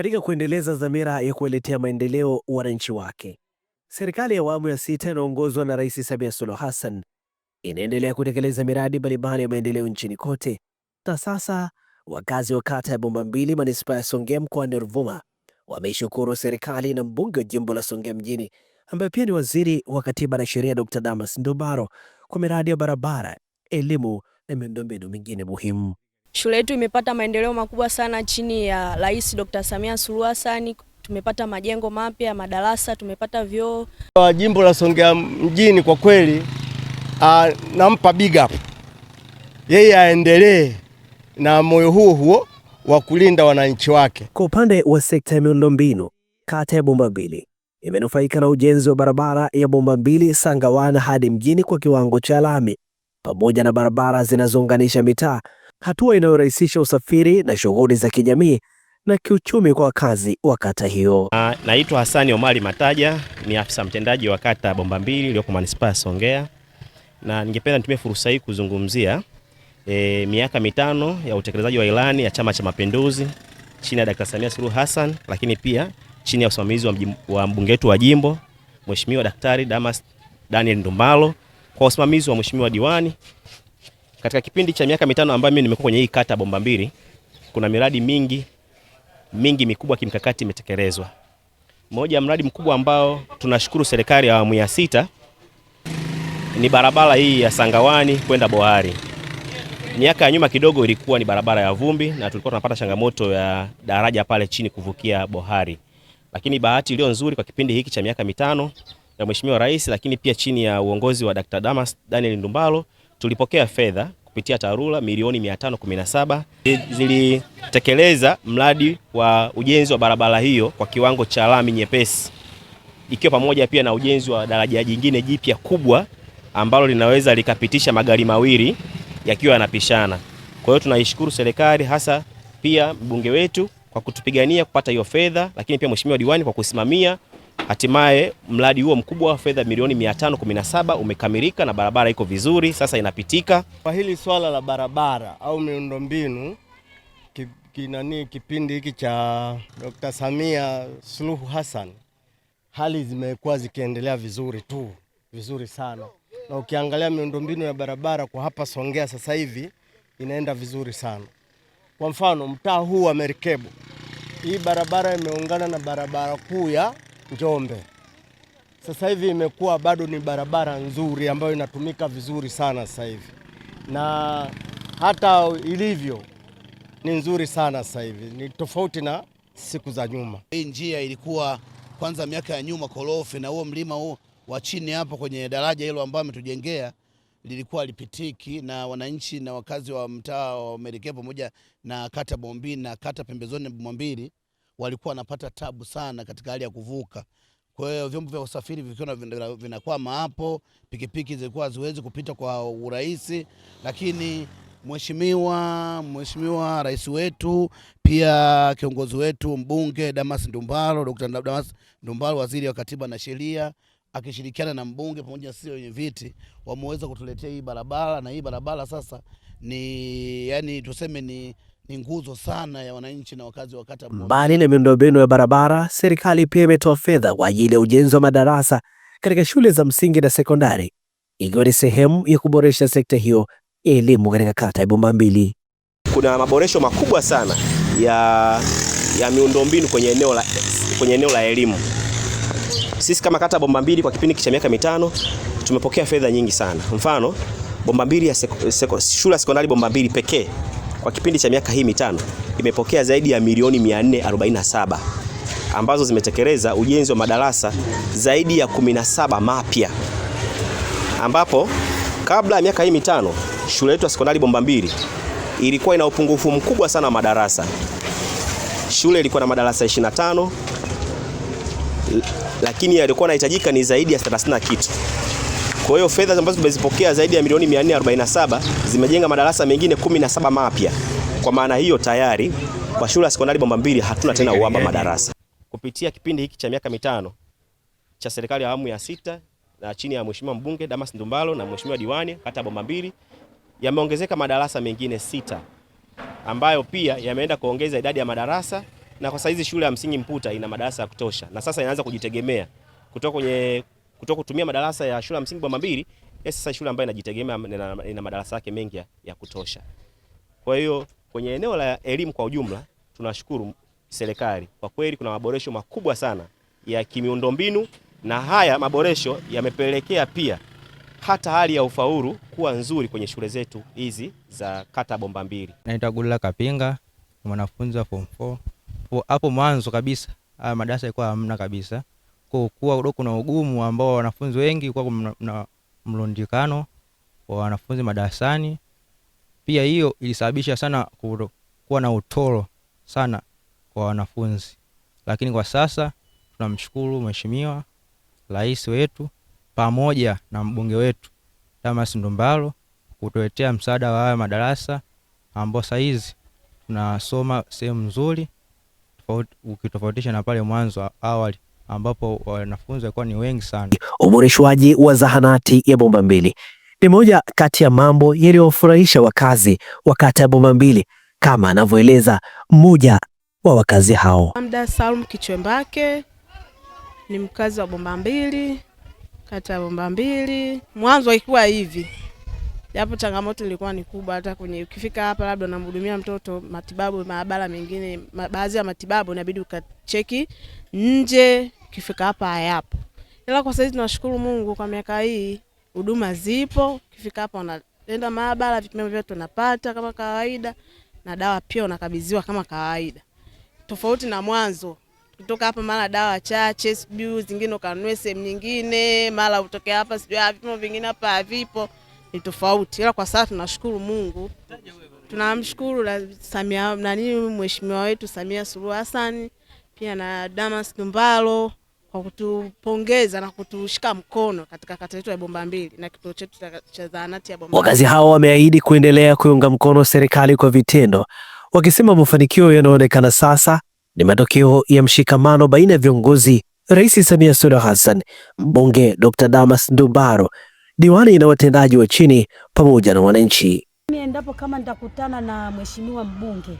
Katika kuendeleza dhamira ya kuwaletea maendeleo wananchi wake, serikali ya awamu ya sita inaongozwa na Rais Samia Suluhu Hassan inaendelea kutekeleza miradi mbalimbali ya maendeleo nchini kote, na sasa wakazi wa kata ya Bomba Mbili manispaa ya Songea mkoani Ruvuma wameishukuru serikali na mbunge wa jimbo la Songea mjini ambaye pia ni waziri wa katiba na sheria Dr. Damas Ndumbaro kwa miradi ya barabara, elimu na miundombinu mingine muhimu. Shule yetu imepata maendeleo makubwa sana chini ya Rais Dr. Samia Suluhu Hassan. Tumepata majengo mapya, madarasa, tumepata vyoo. Wa jimbo la Songea mjini kwa kweli uh, nampa big up yeye, aendelee na moyo huo huo wa kulinda wananchi wake. Kwa upande wa sekta ya miundombinu, kata ya bomba mbili imenufaika na ujenzi wa barabara ya bomba mbili Sangawana hadi mjini kwa kiwango cha lami pamoja na barabara zinazounganisha mitaa hatua inayorahisisha usafiri na shughuli za kijamii na kiuchumi kwa wakazi wa kata hiyo. Ah, naitwa Hasani Omari Mataja, ni afisa mtendaji wa kata Bomba Mbili iliyoko manispaa ya Songea, na ningependa nitumie fursa hii kuzungumzia e, miaka mitano ya utekelezaji wa ilani ya Chama cha Mapinduzi chini ya Dkt. Samia Suluhu Hassan, lakini pia chini ya usimamizi wa, wa mbunge wetu wa jimbo Mheshimiwa Daktari Damas Daniel Ndumbalo, kwa usimamizi wa Mheshimiwa diwani katika kipindi cha miaka mitano ambayo mimi nimekuwa kwenye hii kata Bomba Mbili, kuna miradi mingi mingi mikubwa kimkakati imetekelezwa. Moja ya mradi mkubwa ambao tunashukuru serikali ya awamu ya sita ni barabara hii ya Sangawani kwenda Bohari. Miaka ya nyuma kidogo ilikuwa ni barabara ya vumbi na tulikuwa tunapata changamoto ya daraja pale chini kuvukia Bohari, lakini bahati iliyo nzuri kwa kipindi hiki cha miaka mitano ya Mheshimiwa Rais, lakini pia chini ya uongozi wa Dr. Damas Daniel Ndumbalo tulipokea fedha kupitia TARURA milioni 517 zilitekeleza mradi wa ujenzi wa barabara hiyo kwa kiwango cha lami nyepesi, ikiwa pamoja pia na ujenzi wa daraja jingine jipya kubwa ambalo linaweza likapitisha magari mawili yakiwa yanapishana. Kwa hiyo tunaishukuru serikali, hasa pia mbunge wetu kwa kutupigania kupata hiyo fedha, lakini pia mheshimiwa diwani kwa kusimamia Hatimaye mradi huo mkubwa wa fedha milioni 517 umekamilika na barabara iko vizuri, sasa inapitika. Kwa hili swala la barabara au miundombinu kinani, kipindi hiki cha Dr. Samia Suluhu Hassan hali zimekuwa zikiendelea vizuri tu, vizuri sana, na ukiangalia miundombinu ya barabara kwa hapa Songea sasa hivi inaenda vizuri sana. Kwa mfano mtaa huu wa Merikebu, hii barabara imeungana na barabara kuu ya Njombe. Sasa hivi imekuwa bado ni barabara nzuri ambayo inatumika vizuri sana sasa hivi, na hata ilivyo ni nzuri sana sasa hivi, ni tofauti na siku za nyuma. Hii njia ilikuwa kwanza miaka ya nyuma korofi, na huo mlima huo wa chini hapo kwenye daraja hilo ambayo ametujengea lilikuwa lipitiki na wananchi na wakazi wa mtaa wa Melekeo pamoja na kata Bombini na kata pembezoni mwa mbili walikuwa wanapata tabu sana katika hali ya kuvuka. Kwa hiyo vyombo vya usafiri vikiwa vinakwama hapo, pikipiki zilikuwa haziwezi kupita kwa urahisi, lakini Mheshimiwa Mheshimiwa Rais wetu pia kiongozi wetu mbunge Damas Ndumbaro, Dr. Damas Ndumbaro, waziri wa katiba na sheria, akishirikiana na mbunge pamoja na sisi wenye viti wameweza kutuletea hii barabara, na hii barabara sasa ni yani tuseme ni ni nguzo sana ya wananchi na wakazi wa kata. Mbali na miundombinu ya barabara, serikali pia imetoa fedha kwa ajili ya ujenzi wa madarasa katika shule za msingi na sekondari, ikiwa ni sehemu ya kuboresha sekta hiyo ya elimu katika kata ya Bombambili. Kuna maboresho makubwa sana ya, ya miundombinu kwenye eneo la, kwenye eneo la elimu. Sisi kama kata ya Bombambili kwa kipindi cha miaka mitano tumepokea fedha nyingi sana. Mfano, Bombambili ya shule ya sekondari Bombambili pekee kwa kipindi cha miaka hii mitano imepokea zaidi ya milioni 447 ambazo zimetekeleza ujenzi wa madarasa zaidi ya 17 mapya, ambapo kabla ya miaka hii mitano shule yetu ya sekondari Bomba Mbili ilikuwa ina upungufu mkubwa sana wa madarasa. Shule ilikuwa na madarasa 25 lakini yalikuwa yanahitajika ni zaidi ya 30 kitu. Kwa hiyo fedha ambazo tumezipokea zaidi ya milioni 447 zimejenga madarasa mengine 17 mapya. Kwa maana hiyo tayari kwa shule ya sekondari Bomba Mbili hatuna tena uhaba madarasa. Kupitia kipindi hiki cha miaka mitano cha serikali ya awamu ya sita na chini ya Mheshimiwa mbunge Damas Ndumbalo na Mheshimiwa diwani kata ya Bomba Mbili yameongezeka madarasa mengine sita ambayo pia yameenda kuongeza idadi ya madarasa na kwa saizi shule ya msingi Mputa ina madarasa ya kutosha na sasa inaanza kujitegemea kutoka kwenye kutoka kutumia madarasa ya shule ya msingi Bwambambili sasa shule ambayo inajitegemea ina madarasa yake mengi ya, ya kutosha. Kwa hiyo kwenye eneo la elimu kwa ujumla tunashukuru serikali kwa kweli, kuna maboresho makubwa sana ya kimiundombinu na haya maboresho yamepelekea pia hata hali ya ufaulu kuwa nzuri kwenye shule zetu hizi za kata Bwambambili. Naitwa Gudula Kapinga, mwanafunzi wa form 4. Hapo mwanzo kabisa madarasa yalikuwa hamna kabisa kuwa udoko na ugumu ambao wanafunzi wengi kuwa na mlundikano wa wanafunzi madarasani. Pia hiyo ilisababisha sana kuwa na utoro sana kwa wanafunzi, lakini kwa sasa tunamshukuru Mheshimiwa Rais wetu pamoja na mbunge wetu Damas ndumbalo kutuletea msaada wa haya madarasa ambao saizi tunasoma sehemu nzuri ukitofautisha na pale mwanzo awali ambapo wanafunzi walikuwa ni wengi sana. Uboreshwaji wa zahanati ya Bomba Mbili ni moja kati ya mambo yaliyofurahisha wakazi wa kata ya Bomba Mbili, kama anavyoeleza mmoja wa wakazi hao. Amda Salum Kichwembake ni mkazi wa Bomba Mbili, kata ya Bomba Mbili. Mwanzo ilikuwa hivi, japo changamoto ilikuwa ni kubwa, hata kwenye ukifika hapa labda unamhudumia mtoto matibabu, maabara mengine, baadhi ya matibabu inabidi ukacheki nje kifika hapa hayapo, ila kwa sasa tunashukuru Mungu kwa miaka hii huduma zipo, kifika hapa unaenda maabara, vipimo vyote unapata kama kawaida, na dawa pia unakabidhiwa kama kawaida, tofauti na mwanzo kutoka hapa mara dawa chache, sijui zingine ukanunue sehemu nyingine, mara utoke hapa sijui ah, vipimo vingine hapa havipo, ni tofauti. Ila kwa sasa tunashukuru Mungu, tunamshukuru Samia nani, mheshimiwa wetu Samia Suluhu Hassan pia na Damas Ndumbaro kwa kutupongeza na kutushika mkono katika kata yetu ya Bomba Mbili na kituo chetu cha zahanati ya Bomba. Wakazi hao wameahidi kuendelea kuiunga mkono serikali kwa vitendo, wakisema mafanikio yanayoonekana sasa ni matokeo ya mshikamano baina ya viongozi, Rais Samia Suluhu Hassan, mbunge Dr. Damas Ndumbaro, diwani na watendaji wa chini pamoja na wananchi. Mimi endapo kama nitakutana na mheshimiwa mbunge,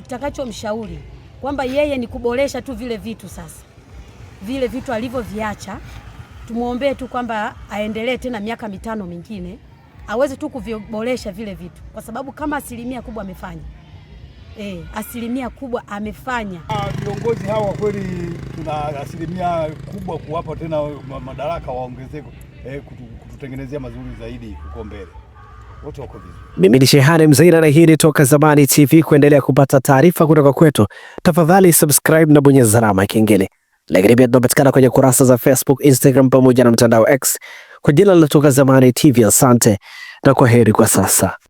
nitakachomshauri kwamba yeye ni kuboresha tu vile vitu sasa, vile vitu alivyoviacha, tumwombee tu kwamba aendelee tena miaka mitano mingine, aweze tu kuviboresha vile vitu, kwa sababu kama asilimia kubwa amefanya e, asilimia kubwa amefanya. Ah, viongozi hawa kweli tuna asilimia kubwa kuwapa tena madaraka waongezeko, e, kututengenezea mazuri zaidi huko mbele. Mimi ni Shehane Mzaina na hii ni Toka Zamani TV. Kuendelea kupata taarifa kutoka kwetu, tafadhali subscribe na bonyeza alama ya kengele. Lakini pia tunapatikana kwenye kurasa za Facebook, Instagram pamoja na mtandao X kwa jina la Toka Zamani TV. Asante na kwa heri kwa sasa.